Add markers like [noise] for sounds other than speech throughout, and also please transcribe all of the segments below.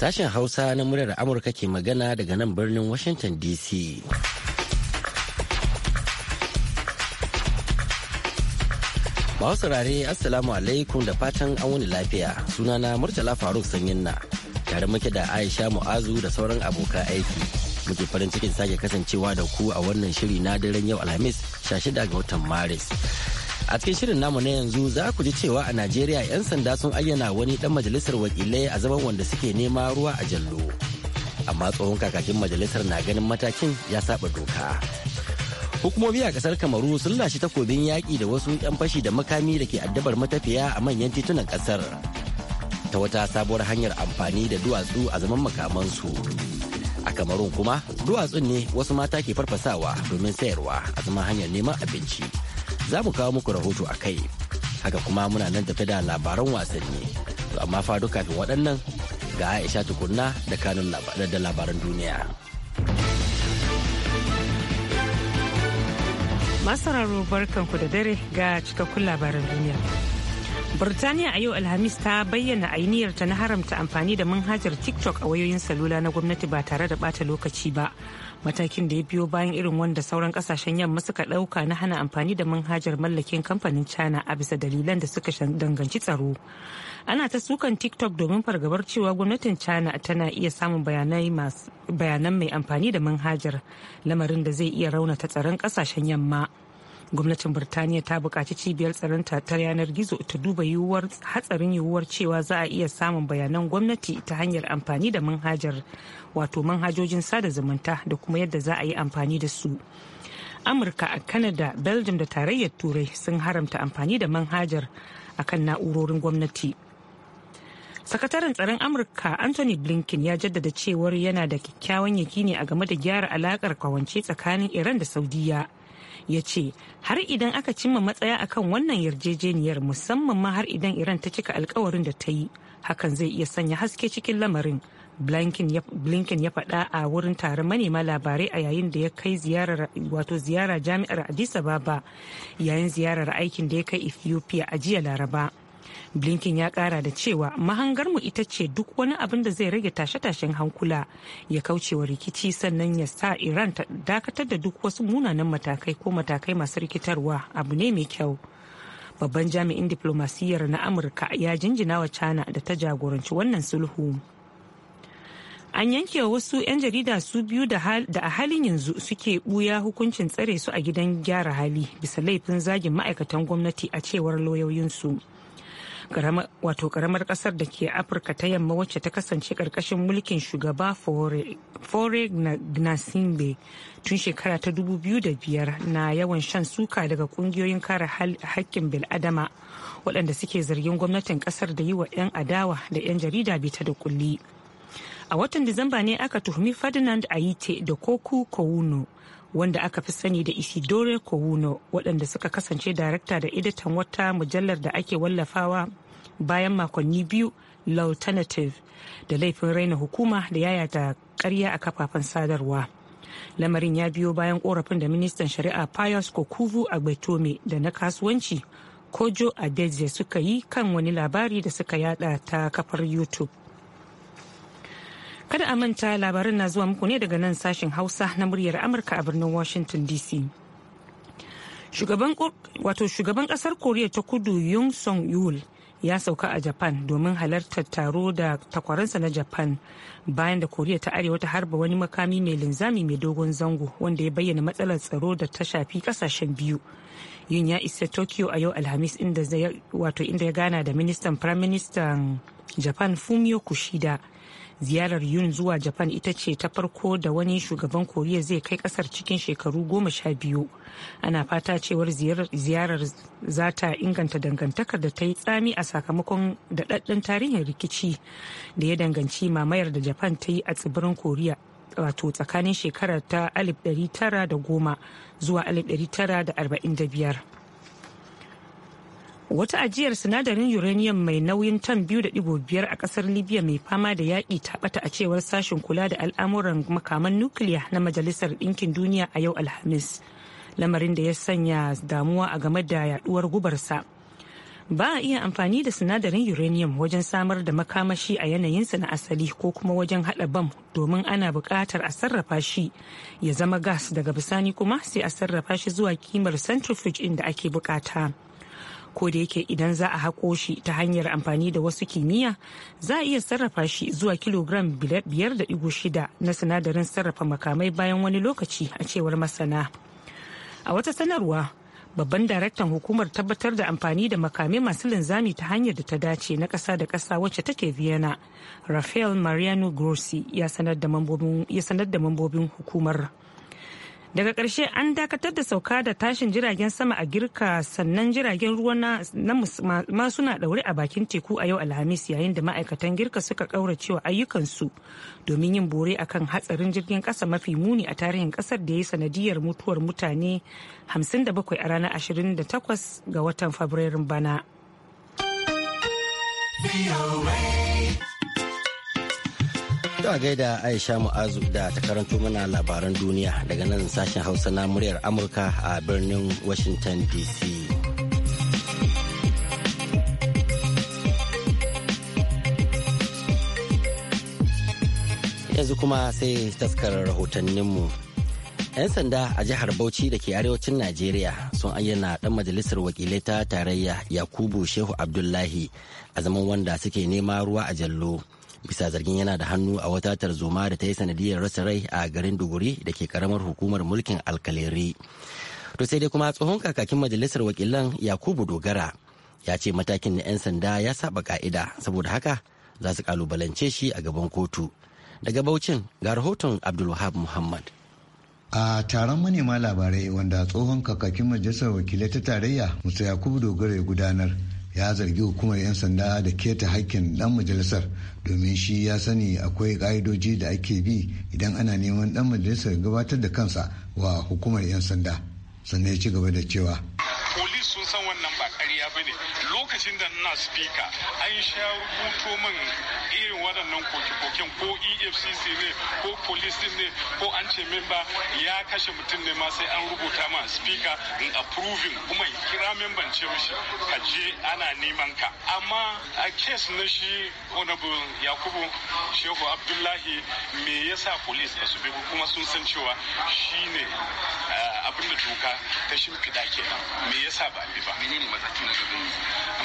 Sashen Hausa na muryar Amurka ke magana daga nan birnin Washington DC. Ba saurare Assalamu alaikum da fatan an wani lafiya sunana Murtala Faruk Sanyinna tare muke da Aisha Mu'azu da sauran abokan aiki. Muke farin cikin sake kasancewa da ku a wannan shiri na daren yau Alhamis 16 ga watan Maris. a cikin shirin namu na yanzu za ku ji cewa a najeriya 'yan sanda sun ayyana wani dan majalisar wakilai a zaman wanda suke nema ruwa a jallo amma tsohon kakakin majalisar na ganin matakin ya saba doka hukumomi a kasar kamaru sun lashe takobin yaƙi da wasu 'yan fashi da makami da ke addabar matafiya a manyan titunan kasar ta wata sabuwar hanyar amfani da duwatsu a zaman makamansu a kamarun kuma duwatsun ne wasu mata ke farfasawa domin sayarwa a zaman hanyar neman abinci. za mu kawo muku rahoto a kai haka kuma muna nan tafi da labaran wasanni to amma fa kafin waɗannan ga aisha tukunna da kanun da labaran duniya masararru barkanku da dare ga cikakkun labaran duniya Burtaniya a yau Alhamis ta bayyana ainiyarta na haramta amfani da manhajar TikTok a wayoyin salula na gwamnati ba tare da bata lokaci ba. matakin da ya biyo bayan irin wanda sauran kasashen yamma suka ɗauka na hana amfani da manhajar mallakin kamfanin china a bisa dalilan da suka danganci tsaro ana ta sukan tiktok domin fargabar cewa gwamnatin china tana iya samun bayanan mai amfani da manhajar lamarin da zai iya raunata tsaron kasashen yamma gwamnatin birtaniya ta buƙaci cibiyar tsaron ta yanar gizo ta duba yiwuwar hatsarin yiwuwar cewa za a iya samun bayanan gwamnati ta hanyar amfani da manhajar wato manhajojin sada zumunta da kuma yadda za a yi amfani da su amurka a canada belgium da tarayyar turai sun haramta amfani da manhajar akan na'urorin gwamnati sakataren tsaron amurka anthony blinken ya jaddada cewar yana da kyakkyawan yaki ne a game da gyara alakar kwawance tsakanin iran da saudiya ya ce har idan aka cimma matsaya akan wannan yarjejeniyar musamman ma har idan iran ta cika alkawarin da ta yi hakan zai iya sanya haske cikin lamarin blinken ya faɗa a wurin taron manema labarai a yayin da ya kai wato ziyara jami'ar addis ababa yayin ziyarar aikin da ya kai ethiopia a jiya laraba blinken ya kara da cewa mahangarmu ita ce duk wani abin da zai rage tashe-tashen hankula ya kaucewa rikici sannan ya sa iran ta dakatar da duk wasu munanan matakai ko matakai masu rikitarwa abu ne mai kyau babban jami'in diplomasiyyar na amurka ya jinjina wa china da ta jagoranci wannan sulhu an yanke wasu 'yan jarida su biyu da a halin yanzu suke buya hukuncin tsare su a gidan gyara hali bisa laifin zagin ma'aikatan gwamnati a cewar lauyoyinsu wato karamar kasar da ke afirka ta yamma wacce ta kasance karkashin mulkin shugaba fore gnasimbe tun shekara ta dubu biyu da biyar na yawan shan suka daga kungiyoyin kare hakkin bil'adama waɗanda suke zargin gwamnatin kasar da yi wa 'yan adawa da 'yan jarida bita da kulli a watan disamba ne aka tuhumi ferdinand aite da koku kowuno wanda aka fi sani da Isidore Kowuno waɗanda suka kasance darakta da editan wata mujallar da ake wallafawa bayan makonni biyu Lautanative da laifin raina hukuma da yaya yayata karya a kafafen sadarwa. Lamarin ya biyo bayan korafin da ministan shari'a Pius Kokuvu Agbetome da na kasuwanci Kojo Adeje suka yi kan wani labari da suka yada ta kafar YouTube. Kada a manta labarin na zuwa muku ne daga nan sashen Hausa na muryar Amurka a birnin Washington DC. Shugaban kasar Koriya ta kudu Yun Song Yul ya sauka a Japan domin halartar taro da takwaransa na Japan bayan da Koriya ta Arewa ta harba wani makami mai linzami mai dogon zango wanda ya bayyana matsalar tsaro da ta shafi kasashen biyu. Yun ya isa Tokyo a yau Alhamis inda ya gana da ministan Prime Japan Fumio Kushida. ziyarar yun zuwa japan ita ce ta farko da wani shugaban koriya zai kai kasar cikin shekaru goma sha biyu ana fata cewar ziyarar za ta inganta dangantakar da ta yi tsami a sakamakon daɗaɗɗen tarihin rikici da ya danganci mamayar da japan ta yi a tsibirin koriya wato tsakanin shekarar ta 1910 zuwa 1945 wata ajiyar sinadarin uranium mai nauyin tan 2.5 a kasar libya mai fama da yaƙi ta bata a cewar sashen kula da al'amuran makaman nukiliya na majalisar ɗinkin duniya a yau alhamis lamarin da ya sanya damuwa a game da yaduwar gubarsa ba a iya amfani da sinadarin uranium wajen samar da makamashi a yanayinsa na asali ko kuma wajen haɗa bam domin ana buƙatar a sarrafa shi ya zama gas daga bisani kuma sai a sarrafa shi zuwa kimar centrifuge inda ake buƙata. ko da yake idan za a haƙo shi ta hanyar amfani da wasu kimiyya za a iya sarrafa shi zuwa kilogram biyar da digo shida na sinadarin sarrafa makamai bayan wani lokaci a cewar masana a wata sanarwa babban daraktan hukumar tabbatar da amfani da makamai masu linzami ta hanyar da ta dace na ƙasa da ƙasa wacce take vienna rafael mariano grossi ya sanar da mambobin hukumar daga ƙarshe an dakatar da sauka da tashin jiragen sama a girka sannan jiragen ruwa na ma suna ɗaure a bakin teku a yau alhamis yayin da ma'aikatan girka suka ƙauracewa ayyukansu domin yin bore akan hatsarin jirgin ƙasa mafi muni a tarihin ƙasar da ya yi sanadiyar mutuwar mutane 57 a ranar 28 ga watan fabrairun bana. To a gaida Aisha Mu'azu da ta karanto mana labaran duniya daga nan sashen Hausa na muryar Amurka a birnin Washington DC. Yanzu kuma sai taskar rahotanninmu. 'Yan sanda a jihar Bauchi da ke arewacin Najeriya sun ayyana ɗan majalisar wakilai ta tarayya Yakubu Shehu Abdullahi a zaman wanda suke nema ruwa a jallo. bisa zargin yana da hannu a wata tarzoma da ta yi sanadiyar rasa rai a garin duguri da ke karamar hukumar mulkin alkaleri to sai dai kuma tsohon kakakin majalisar wakilan yakubu dogara ya ce matakin na 'yan sanda ya saba ka'ida saboda haka za su kalubalance shi a gaban kotu daga baucin ga rahoton abdulwahab muhammad a taron manema labarai wanda tsohon kakakin majalisar wakilai ta tarayya musa yakubu dogara ya gudanar ya zargi hukumar 'yan sanda da keta hakkin dan majalisar domin shi ya sani akwai ka'idoji da ake bi idan ana neman dan majalisar gabatar da kansa wa hukumar 'yan sanda sannan ya ci gaba da cewa polis sun san wannan ba ƙarya ba ne lokacin da na speaker an sha rubuto min irin waɗannan koke-koken ko efcc ne ko police ne ko an ce memba ya kashe mutum ne ma sai an rubuta ma speaker in approving kuma kira memban ce mishi ka je ana neman ka amma a kes na shi honorable yakubu shehu abdullahi me yasa police ba su bi kuma sun san cewa shi ne eh, abinda doka ta shimfiɗa kenan me yasa ba bi ba menene mataki na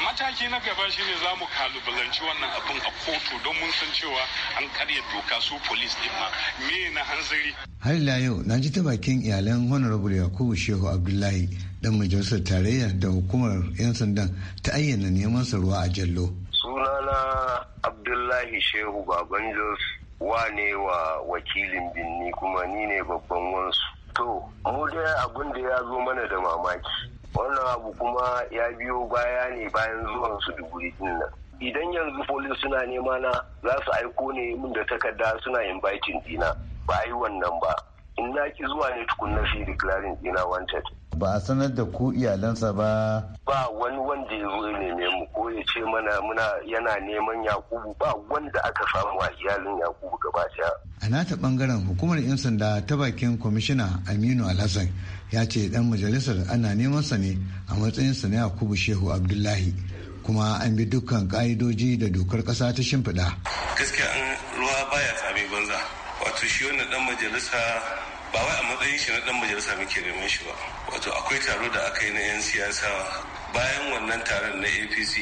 mataki na gaba shine za mu kalubalanci wannan abin a kotu don mun san cewa an karya doka su polis din ma me na hanzari har ila yau na ji ta bakin iyalan honorable yakubu shehu abdullahi dan majalisar tarayya da hukumar yan sandan ta ayyana neman sa ruwa a jallo sunana abdullahi shehu baban jos wane wa wakilin binni kuma ni ne babban wansu to mu dai abin da ya zo mana da mamaki wannan abu kuma ya biyo baya ne bayan zuwan su duguri din nan idan yanzu polis suna nema na za su aiko ne mun da takarda suna inviting dina ba a yi wannan ba in na ki zuwa ne tukun na fi declaring dina wanted ba a sanar da ku iyalansa ba ba wani wanda ya zo neme mu ko ya ce mana muna yana neman yakubu ba wanda aka samu a iyalin yakubu gaba a nata bangaren hukumar yan sanda ta bakin kwamishina aminu alhassan ya ce dan majalisar ana neman sa ne a matsayin sa na yakubu shehu abdullahi kuma an bi dukkan ka'idoji da dokar kasa ta shimfiɗa gaskiya an ruwa baya tsami banza wato shi wannan dan majalisa ba wai a matsayin shi na dan majalisa muke neman shi ba wato akwai taro da aka yi na 'yan siyasa bayan wannan taron na apc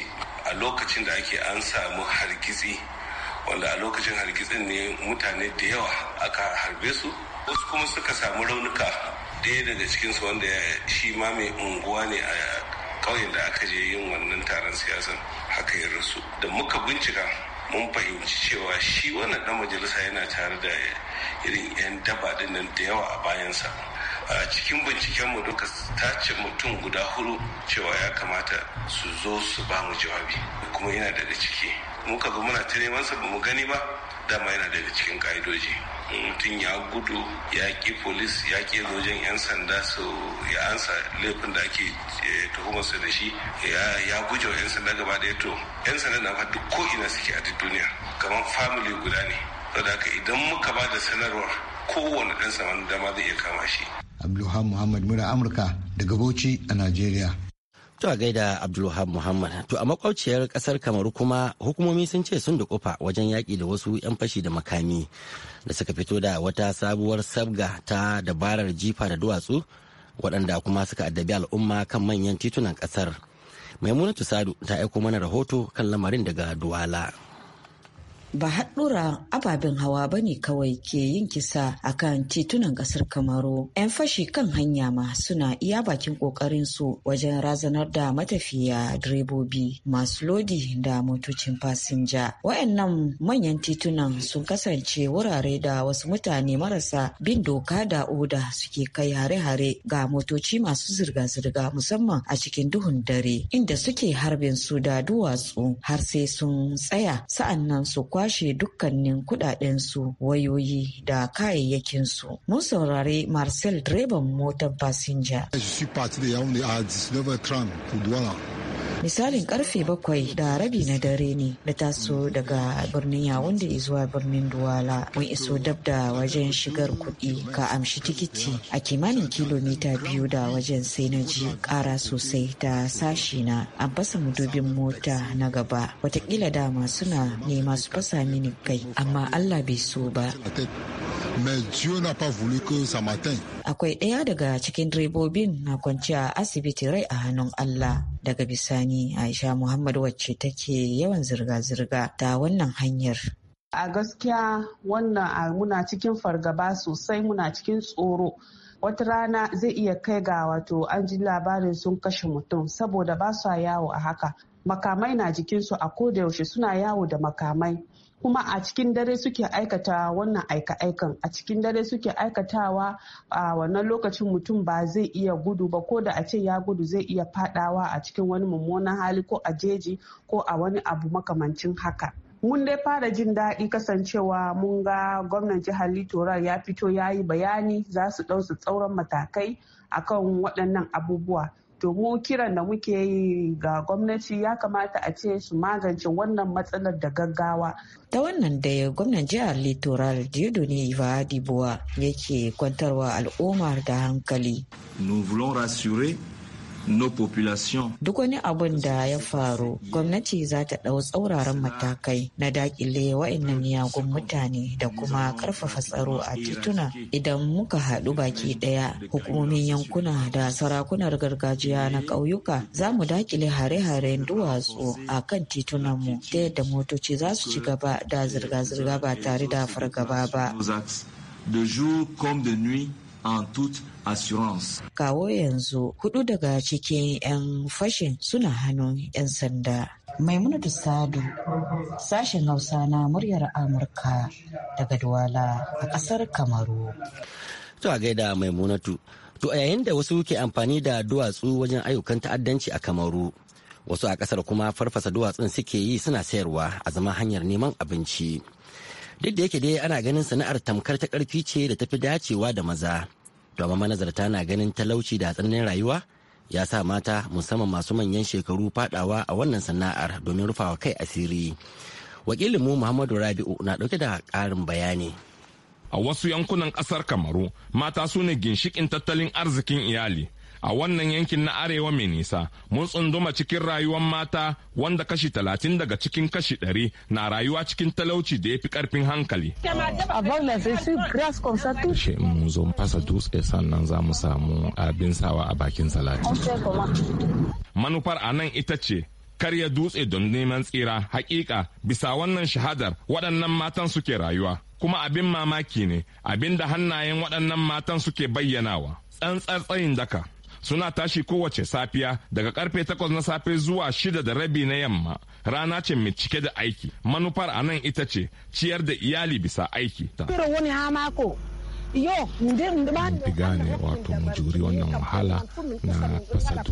a lokacin da ake an samu hargitsi wanda a lokacin hargitsin ne mutane da yawa aka harbe su wasu kuma suka samu raunuka daya daga cikinsu wanda shi ma mai unguwa ne a ƙauyen da aka je yin wannan taron siyasan haka ya rasu da muka bincika mun fahimci cewa shi wannan ɗan majalisa yana tare da irin 'yan daba nan da yawa a bayansa a cikin binciken mu duka tace mutum guda huru cewa ya kamata su zo su ba mu jawabi kuma yana daga ciki muka ga muna ta neman sa mu gani ba dama yana daga cikin ka'idoji mutum ya gudu ya ki polis ya ki zojen 'yan sanda su ya ansa laifin da ake eh, tuhumarsa da shi ya gujewa wa 'yan sanda gaba da to 'yan sanda na faɗi duk ko ina suke a duk duniya kamar famili guda ne saboda idan muka ba da sanarwa kowane dan saman dama zai iya kama shi abdulhamid muhammad mura amurka daga bauchi a najeriya To a gaida Abdulwahab Muhammad. To a makwabciyar kasar Kamaru kuma hukumomi sun ce sun da kofa wajen yaƙi da wasu 'yan fashi da makami da suka fito da wata sabuwar sabga ta dabarar jifa da duwatsu waɗanda kuma suka addabi al'umma kan manyan titunan ƙasar. Maimunatu Sadu ta aiko mana rahoto kan lamarin daga Duwala. ba haɗura ababen hawa ba ne kawai ke yin kisa a kan titunan ƙasar kamaru 'yan fashi kan hanya ma suna iya bakin ƙoƙarin su wajen razanar da matafiya direbobi masu lodi da motocin fasinja wayannan manyan titunan sun kasance wurare da wasu mutane marasa bin doka da oda suke kai hare-hare ga motoci masu zirga-zirga musamman a cikin duhun dare inda suke harbin su da duwatsu har sai sun tsaya sa'annan su kwa kwashe dukkanin kudadensu wayoyi da kayayyakinsu. Mun saurari Marcel direban motar fasinja. misalin karfe bakwai da rabi na dare ne na taso daga birnin yawunde zuwa birnin duwala mun iso dab da wajen shigar kuɗi ka amshi tikiti a kimanin kilomita biyu da wajen sai na ji ƙara sosai ta sashi na an fasa mudubin mota na gaba watakila dama suna nema su fasa sa mini kai amma Allah bai so ba. Akwai ɗaya daga cikin direbobin na kwanciya a asibiti rai a hannun Allah. Daga bisani Aisha Muhammad wacce take yawan zirga-zirga ta wannan hanyar. A gaskiya wannan muna cikin fargaba sosai muna cikin tsoro. wata rana zai iya kai ga wato an ji labarin sun kashe mutum saboda ba su yawo a haka makamai na jikinsu a koda yaushe suna yawo da makamai kuma a cikin dare suke aikata wannan aika-aikan a cikin dare suke aikatawa a wannan lokacin mutum ba zai iya gudu ba ko da a ce ya gudu zai iya fadawa a cikin wani mummunan hali ko a jeji ko a wani abu makamancin haka mun dai fara jin daɗi kasancewa mun ga gwamnan jihar litoral ya fito ya yi bayani za su ɗau su tsauran matakai akan waɗannan abubuwa to mu kiran da muke yi ga gwamnati ya kamata a ce su magance wannan matsalar da gaggawa ta wannan da gwamnan jihar littoral ne iva dibuwa yake kwantarwa al'ummar da hankali nous voulons rassurer no population. Duk wani abun da ya faru, gwamnati za ta ɗau tsauraran matakai na dakile wa'annan miyagun mutane da kuma karfafa tsaro a tituna idan muka haɗu baki ɗaya hukumomin yankuna da sarakunar gargajiya na ƙauyuka za mu dakile hare-haren duwatsu a kan titunan mu ta yadda motoci za su ci gaba da zirga-zirga ba tare da fargaba ba. De jour en toute assurance. Kawo yanzu hudu daga cikin 'yan fashin suna hannun 'yan sanda. Maimunatu Sadu, sashen Hausa na muryar Amurka daga Duwala a ƙasar Kamaru. To a gaida Maimunatu, to a yayin da wasu ke amfani da duwatsu wajen ayyukan ta'addanci a Kamaru, wasu a ƙasar kuma farfasa duwatsun suke yi suna sayarwa a zama hanyar neman abinci. duk da yake dai ana ganin sana'ar tamkar ta karfi ce da tafi dacewa da maza to manazarta na ganin talauci da tsananin rayuwa ya sa mata musamman masu manyan shekaru fadawa a wannan sana'ar domin rufawa kai asiri wakilinmu muhammadu rabi'u na dauke da karin bayani a wasu yankunan kasar kamaru mata su ne ginshikin tattalin arzikin iyali a wannan yankin na arewa mai nisa mun tsunduma cikin rayuwan mata wanda kashi talatin daga cikin kashi ɗari na rayuwa cikin talauci da ya fi ƙarfin hankali. Shi mun zo fasa dutse sannan za mu samu abin sawa a bakin Manufar a nan ita ce karya dutse don neman tsira hakika bisa wannan shahadar waɗannan matan suke rayuwa kuma abin mamaki ne abin da hannayen waɗannan matan suke bayyanawa tsantsar tsayin daka suna tashi kowace safiya daga karfe takwas na safe zuwa shida da rabi na yamma rana ce mai cike da aiki manufar a nan ita ce ciyar da iyali bisa aiki ta ne wato mu juri wannan wahala na fasa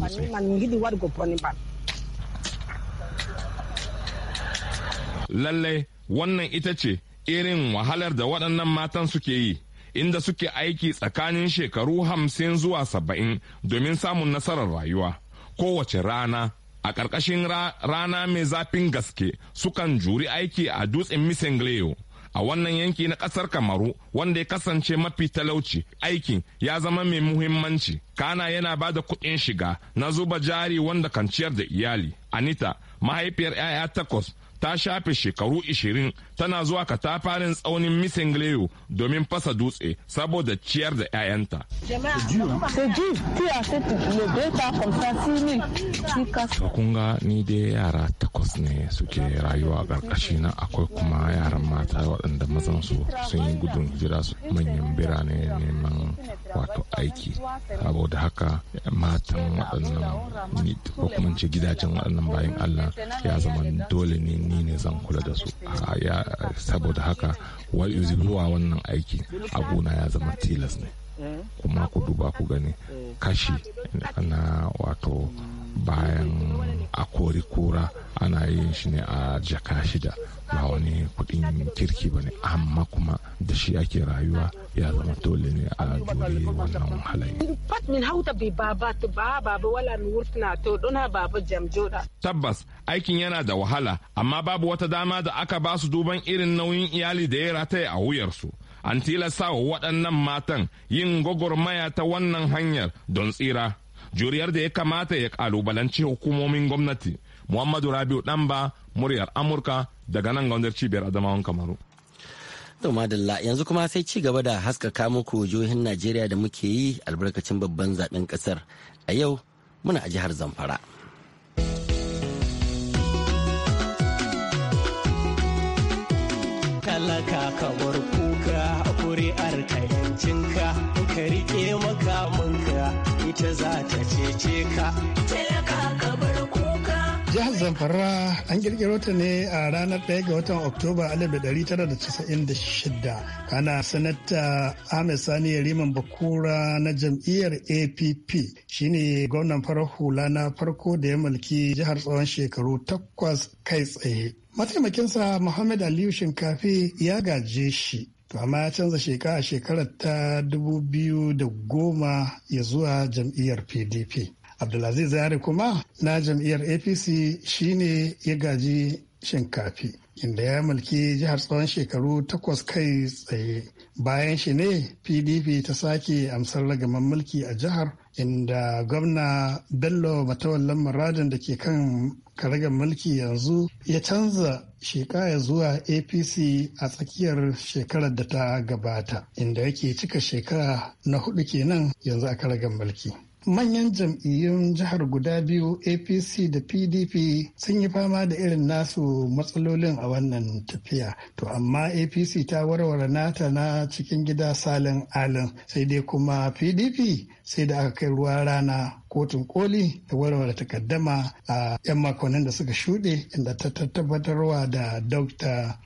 lallai wannan ita ce irin wahalar da waɗannan matan suke yi inda suke aiki tsakanin shekaru hamsin zuwa saba'in domin samun nasarar rayuwa kowace rana a ƙarƙashin rana mai zafin gaske sukan juri aiki a dutsen misengleyo a wannan yanki na ƙasar kamaru wanda ya kasance mafi talauci aikin ya zama mai muhimmanci kana yana ba da kuɗin shiga na zuba jari wanda kan ciyar da iyali anita mahaifiyar 'ya'ya takwas ta shafe shekaru ishirin tana zuwa katafaren tsaunin misingleyo domin fasa dutse saboda ciyar da 'ya'yanta. kuma ni dai yara takwas ne suke rayuwa a ƙarƙashi na akwai kuma yaran mata waɗanda mazan su sun yi gudun hijira su manyan birane neman wato aiki saboda haka matan waɗannan ko kuma ce gidajen waɗannan bayan allah ya zama dole ne ni ne zan kula da su saboda haka zuwa wannan aiki abuna ya zama tilas ne kuma ku duba ku gani kashi na wato bayan a kori kura ana yin shi ne a jaka shida ba wani kudin kirki ba ne amma kuma da shi ake rayuwa ya zama dole ne a jure wannan halayi. Pat min hauta bi baba ba baba wala mi wurtuna to dona baba jam joda. Tabbas aikin yana da wahala amma babu wata dama da aka ba su duban irin nauyin iyali da ya rataya a wuyarsu. An tilasta wa waɗannan matan yin gwagwarmaya ta wannan hanyar don tsira. Juriyar da ya kamata ya kalubalanci hukumomin gwamnati. Muhammadu Rabiu Ɗanba, muryar Amurka daga nan ga gwamnatin cibiyar adamawan kamaru To madalla yanzu kuma sai ci gaba da haskaka muku jihohin Najeriya da muke yi albarkacin babban zaben kasar. A yau muna a jihar Zamfara. Talaka kamar kuka a kuri'ar kayancinka, ka rike makamanka ita za ta cece ka. jihar zamfara an kirkiro ta ne a ranar 1 ga watan oktoba 1996 kana sanata ahmed sani Yariman bakura na jam'iyyar app shine gwamnan farar hula na farko da ya mulki jihar tsawon shekaru takwas kai tsaye mataimakinsa muhammad aliyu shinkafi ya gaje shi amma ya canza shekara shekarar ta 2010 ya zuwa jam'iyyar pdp abdulaziz zare kuma na jam'iyyar apc shine ya gaji shinkafi inda ya mulki jihar tsawon shekaru takwas kai tsaye bayan shi ne pdp ta sake amsar ragaman mulki a jihar inda gwamna bello matawallan muradin da ke kan karagar mulki yanzu ya canza shekaya zuwa apc a tsakiyar shekarar da ta gabata inda yake cika shekara na hudu kenan yanzu a karagar mulki manyan jam'iyyun jihar guda biyu apc da pdp sun yi fama da irin nasu matsalolin a wannan tafiya to amma apc ta warware nata na cikin gida salin alin sai dai kuma pdp sai da aka kai ruwa rana kotun koli da warware takaddama a 'yan makonnin da suka shuɗe inda ta tabbatarwa da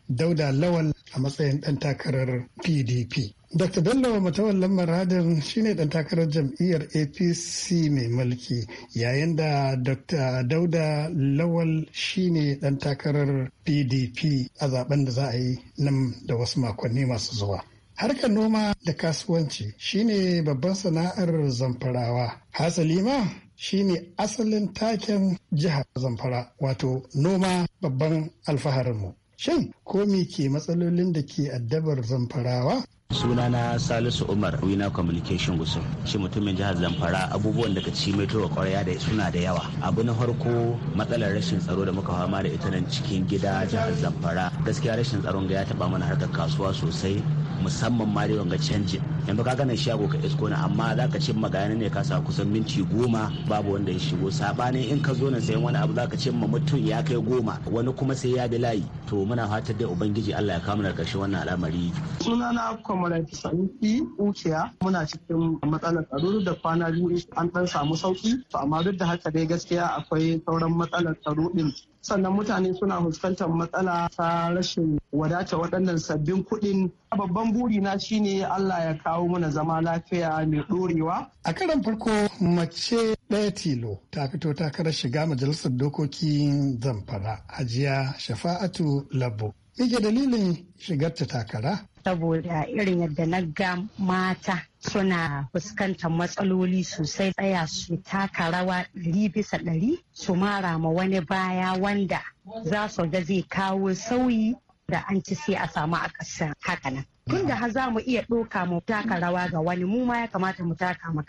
dauda lawal a matsayin ɗan takarar pdp Dr. Bello Matawallan shi shine ɗan takarar jam'iyyar APC mai mulki yayin da Dr. Dauda Lawal shine ɗan takarar PDP a zaben da za a yi nan da wasu makonni masu zuwa. Harkar noma da kasuwanci shine babban sana'ar zamfarawa. Hasali ma shine asalin taken jihar zamfara wato noma babban alfaharinmu. Shin ko me ke matsalolin da ke addabar zamfarawa sunana salisu umar wina communication gusu shi mutumin jihar zamfara abubuwan daga ci mai tura kwarya da suna da yawa abu na farko matsalar rashin tsaro da muka fama da ita nan cikin gida jihar zamfara gaskiya rashin tsaron ga ya taba mana harkar kasuwa sosai musamman ma dai wanga canjin yanzu ka shi shago ka isko na amma za ka cin magana ne ka sa kusan minti goma babu wanda ya shigo sabanin in ka zo na sayan wani abu za ka ma mutum ya kai goma wani kuma sai ya bi layi to muna fatar da ubangiji Allah ya kawo mana karshe wannan al'amari sunana kwamarai sanuki ukiya muna cikin matsalar tsaro da kwana biyu an dan samu sauki to amma duk da haka dai gaskiya akwai sauran matsalar tsaro din sannan mutane suna fuskantar matsala ta rashin wadata waɗannan sabbin kuɗin babban buri na shine Allah ya kawo mana zama lafiya mai ɗorewa. A karan farko mace ɗaya tilo ta fito takarar shiga majalisar dokokin zamfara hajiya shafa'atu Labo. Ike dalilin shigarta takara? Saboda irin yadda na ga mata suna fuskantar matsaloli sosai tsaya su taka rawa ɗari bisa ɗari su mara ma wani baya wanda za su ga zai kawo sauyi da an ci sai a samu a ƙasar hakanan. Tun da za mu iya ɗoka mu taka rawa ga wani mu ma ya kamata mu taka mu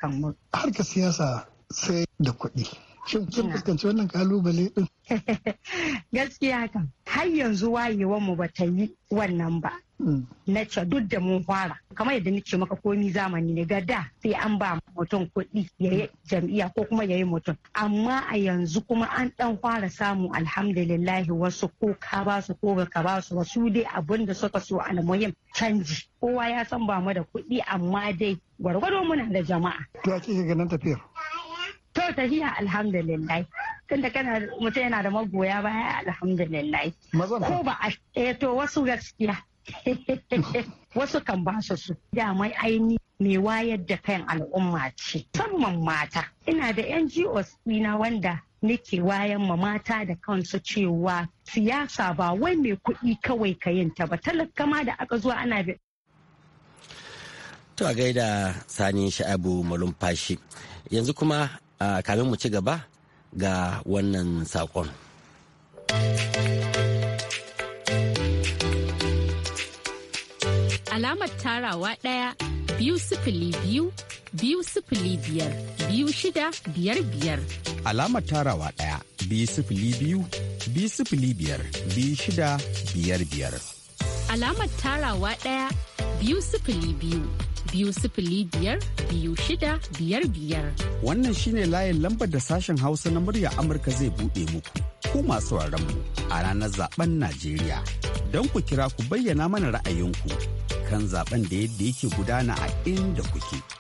Harka siyasa sai da kuɗi. Shin fuskanci wannan kalubale din? [laughs] Gaskiya kan har yanzu wayewar mu bata yi wannan ba. Hmm. Na ce duk da mun fara kamar yadda nake maka komi zamani ne ga da sai an ba mutum kuɗi ya yi jam'iyya ko kuma ya yi mutum. Amma a yanzu kuma an ɗan fara samu alhamdulillahi wasu ko ka ba su ko ka ba su wasu dai abin da suka so almuhim canji. Kowa ya san ba mu da kuɗi amma dai gwargwado muna da jama'a. To a ganin tafiyar. to tahiya alhamdulillah da kana mutum yana da magoya baya alhamdulillah ko ba a eh, to wasu gaskiya [laughs] wasu kan ba su su damai aini mai wayar da kan al'umma ce musamman mata ina da ngos ɗina wanda nake wayan ma mata da kansu cewa siyasa ba wai mai kuɗi kawai ka yin ta ba talaka da aka zuwa ana To a gaida sani sha'abu malumfashi yanzu kuma kamin mu ci gaba ga wannan saƙon. Alamar tarawa ɗaya biyu sifili biyu biyu sifili biyar biyu shida biyar biyar. Alamar tarawa ɗaya biyu sifili biyu biyu sifili biyar biyu shida biyar biyar. Alamar tarawa ɗaya biyu sifili biyu biyu sifili biyar biyu shida biyar biyar. Wannan shine layin lambar da sashen Hausa na murya Amurka zai buɗe muku ku masu mu a ranar zaben Najeriya don ku kira ku bayyana mana ra'ayinku kan zaben da yadda yake gudana a inda kuke.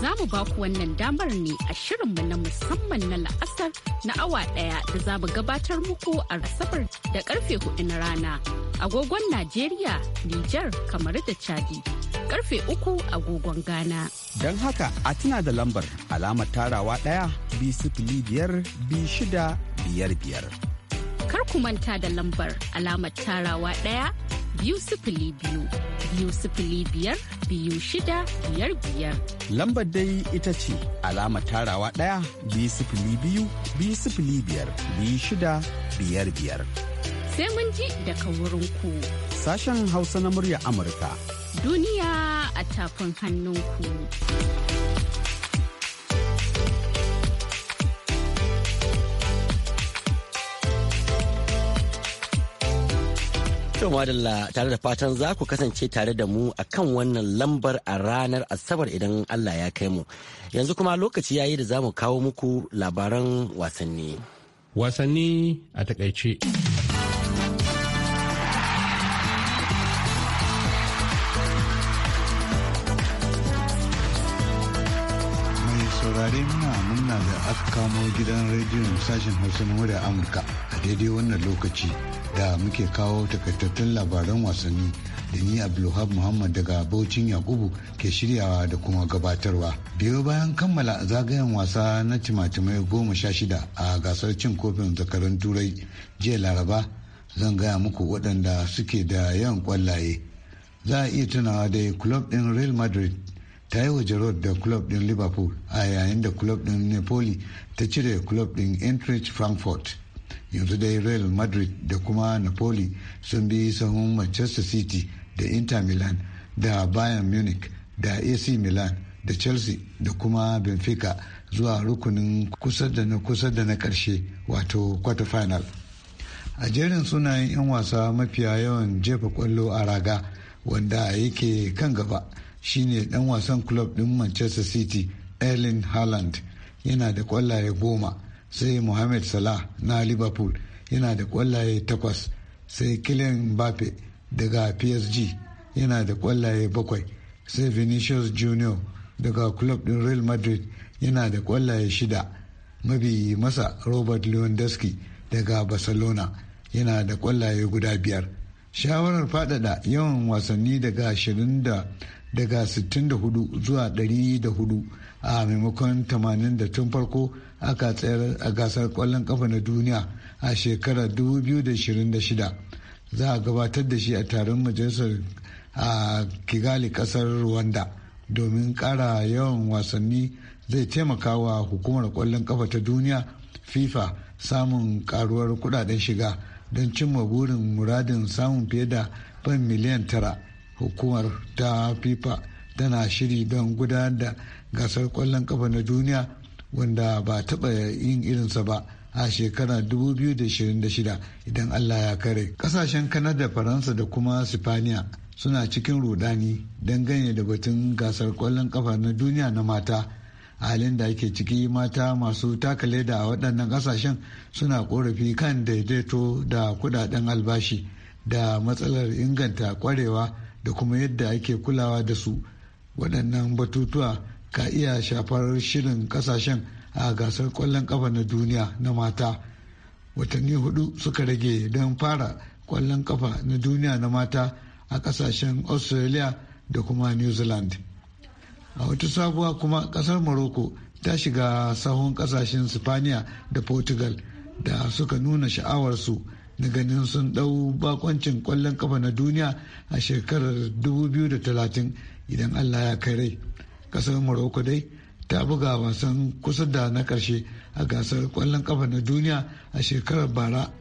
za mu ba ku wannan damar ne a shirinmu na musamman na la'asar na awa ɗaya da za mu gabatar muku a rasabar da karfe hudu na rana agogon Najeriya, Nijar, kamar da Chadi. Karfe uku agogon Ghana. Don haka a tuna da lambar alamar tarawa ɗaya bi sifili biyar bi shida biyar biyar. Kar ku manta da lambar alamar tarawa ɗaya biyu sifili biyu biyu sifili biyar biyu shida biyar biyar. Lambar dai ita ce alama tarawa ɗaya biyu sifili biyu biyu sifili biyar biyu shida biyar biyar. Sai mun ji daga wurin ku. Sashen Hausa na murya Amurka. Duniya a tafin hannun ku. To madalla tare da fatan za ku kasance tare da mu a kan wannan lambar a ranar Asabar idan Allah ya kai mu. Yanzu kuma lokaci ya yi da za mu kawo muku labaran wasanni. Wasanni a takaice. kamo gidan rediyon sashen hausa na murya amurka a daidai wannan lokaci da muke kawo takaitattun labaran wasanni da ni abdulhab muhammad daga baucin yakubu ke shiryawa da kuma gabatarwa biyo bayan kammala zagayen wasa na timatimai goma sha shida a gasar cin kofin zakarun turai jiya laraba zan gaya muku waɗanda suke da yawan kwallaye za a iya tunawa da club din real madrid ta yi waje road da club din Liverpool a yayin da club din Napoli ta cire club din Eintracht Frankfurt. Yanzu dai Real Madrid da kuma Napoli sun bi sahun Manchester City da Inter Milan da Bayern Munich da AC Milan da Chelsea da kuma Benfica zuwa rukunin kusa da na kusa da na karshe wato quarter final. A jerin sunayen 'yan wasa mafiya yawan jefa kwallo a raga wanda yake kan gaba. shine dan wasan club din manchester city erling haaland yana da kwallaye goma sai mohamed salah na liverpool yana da kwallaye takwas sai kylian mbappe daga psg yana da kwallaye bakwai sai vinicius junior daga club din real madrid yana da kwallaye shida mabi masa robert lewandowski daga barcelona yana da kwallaye guda biyar shawarar fadada yawan wasanni daga ashirin daga 64 zuwa 104 a maimakon 80 da tun farko aka tsayar a gasar kwallon kafa na duniya a shekarar 2026 za a gabatar da shi a taron majalisar a kigali kasar rwanda domin kara yawan wasanni zai taimaka wa hukumar kwallon kafa ta duniya fifa samun karuwar kudaden shiga don cimma burin muradin samun fiye da ban miliyan tara hukumar ta fifa tana shiri don gudanar da gasar kwallon kafa na duniya wanda ba taba yin irinsa ba a shekara 2026 idan allah ya kare kasashen kanada faransa da kuma sifaniya suna cikin rudani dangane da batun gasar kwallon kafa na duniya na mata a halin da ake ciki mata masu taka leda a waɗannan ƙasashen suna ƙorafi kan daidaito da kudaden albashi da matsalar inganta ƙwarewa da kuma yadda ake kulawa da su waɗannan batutuwa ka iya shafar shirin ƙasashen a gasar ƙwallon ƙafa na duniya na mata watanni hudu suka rage don fara ƙwallon ƙafa na duniya na mata a ƙasashen australia da kuma new zealand a wata sabuwa kuma ƙasar morocco ta shiga sahun ƙasashen spaniya da portugal da suka nuna sha'awarsu na ganin sun ɗau bakoncin ƙwallon kafa na duniya a shekarar 2030 idan Allah ya kai rai. Ƙasar Morocco dai ta buga wasan kusa da na ƙarshe a gasar ƙwallon kafa na duniya a shekarar bara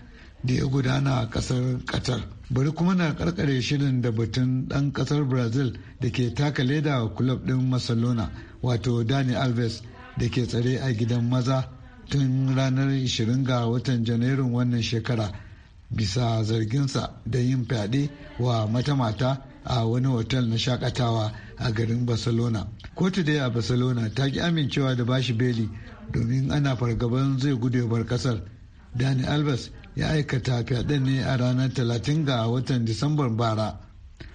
da ya gudana a ƙasar Qatar. Bari kuma na karkare shirin da batun ɗan ƙasar Brazil da ke taka leda wa kulob ɗin Barcelona wato Dani Alves da ke tsare a gidan maza tun ranar 20 ga watan Janairun wannan shekara. bisa zarginsa da yin fyaɗe wa mata mata a wani otal na shakatawa a garin barcelona kotu dai a barcelona ta ki amincewa da bashi beli domin ana fargaban zai gudu bar kasar dani albas ya aikata fyaɗen ne a ranar talatin ga watan disambar bara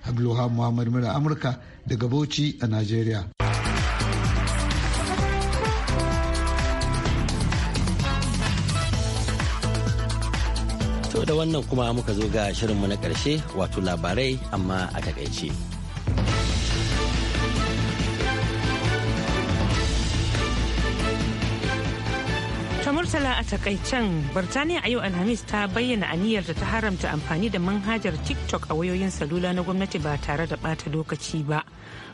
abdulhamid muhammad mura amurka daga bauchi a nigeria da wannan kuma muka zo ga shirinmu na ƙarshe wato labarai amma a takaice. Murtala a takaicen Birtaniya a yau Alhamis ta bayyana da ta haramta amfani da manhajar TikTok a wayoyin salula na gwamnati ba tare da bata lokaci ba.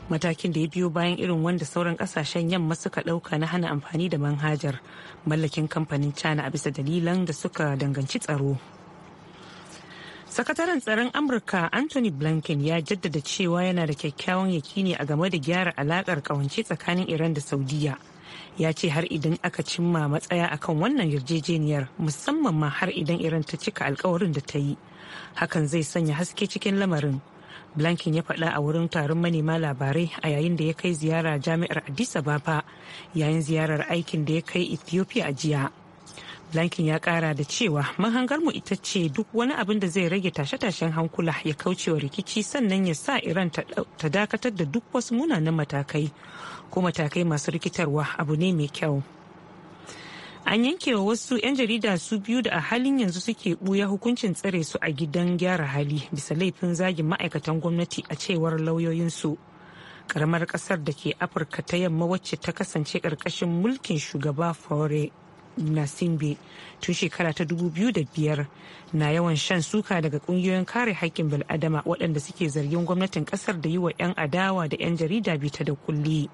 Matakin da ya biyo bayan irin wanda sauran kasashen yamma suka ɗauka na hana amfani da manhajar mallakin kamfanin China a bisa dalilan da suka danganci tsaro. sakataren tsaron amurka anthony blinken ya jaddada cewa yana da kyakkyawan yakini a game da gyara alakar kawance tsakanin iran da saudiya ya ce har idan aka cimma matsaya akan wannan yarjejeniyar musamman ma har idan iran ta cika alkawarin da ta yi hakan zai sanya haske cikin lamarin blinken ya faɗa a wurin taron manema labarai a yayin da ya kai ziyara jami'ar addis ababa yayin ziyarar aikin da ya kai ethiopia a jiya Lankin ya kara da cewa mahangar mu ita ce duk wani abin da zai rage tashe-tashen hankula ya kaucewa rikici sannan ya sa Iran ta dakatar da duk wasu munanan matakai ko matakai masu rikitarwa abu ne mai kyau. An yanke wa wasu 'yan jarida su biyu da a halin yanzu suke buya hukuncin tsare su a gidan gyara hali bisa laifin zagin ma'aikatan gwamnati a cewar lauyoyinsu. Karamar kasar da ke Afirka ta yamma wacce ta kasance ƙarƙashin mulkin shugaba Faure. nasimbe tun shekara ta dubu biyu da biyar na yawan shan suka daga kungiyoyin kare haƙƙin bil'adama waɗanda suke zargin gwamnatin ƙasar da yi wa 'yan adawa da 'yan jarida bita da kulli.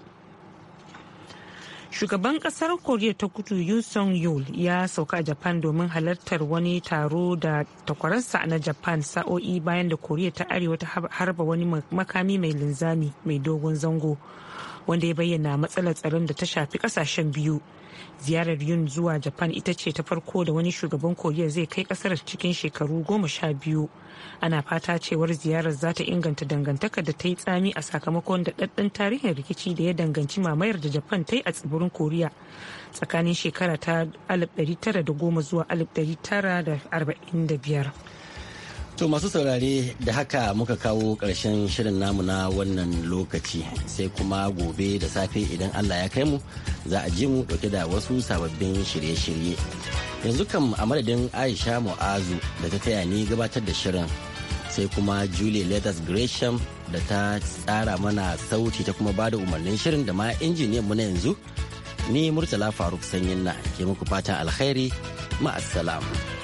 shugaban ƙasar koriya ta kudu yun song yul ya sauka a japan domin halartar wani taro da takwaransa na japan sa'o'i bayan da koriya ta arewa ta harba wani makami mai linzami mai dogon zango wanda ya bayyana matsalar tsaron da ta shafi kasashen biyu ziyarar yun zuwa japan ita ce ta farko da wani shugaban koriya zai kai kasar cikin shekaru goma sha biyu ana fata cewar ziyarar za ta inganta dangantaka da ta yi tsami a sakamakon da ɗaɗɗan tarihin rikici da ya danganci mamayar da japan ta yi a tsibirin koriya tsakanin shekara ta 1910 zuwa 1945 To masu saurare da haka muka kawo ƙarshen shirin namu na wannan lokaci sai kuma gobe da safe idan Allah ya kai mu za a ji mu ɗauke da wasu sababbin shirye-shirye. Yanzu kam a madadin Aisha Mu'azu da ta taya ni gabatar da shirin sai kuma Julie Letters Gresham da ta tsara mana sauti ta kuma bada umarnin shirin da ma injiniyan mu na yanzu ni Murtala Faruk Sanyin na ke muku fatan alkhairi ma'assalam.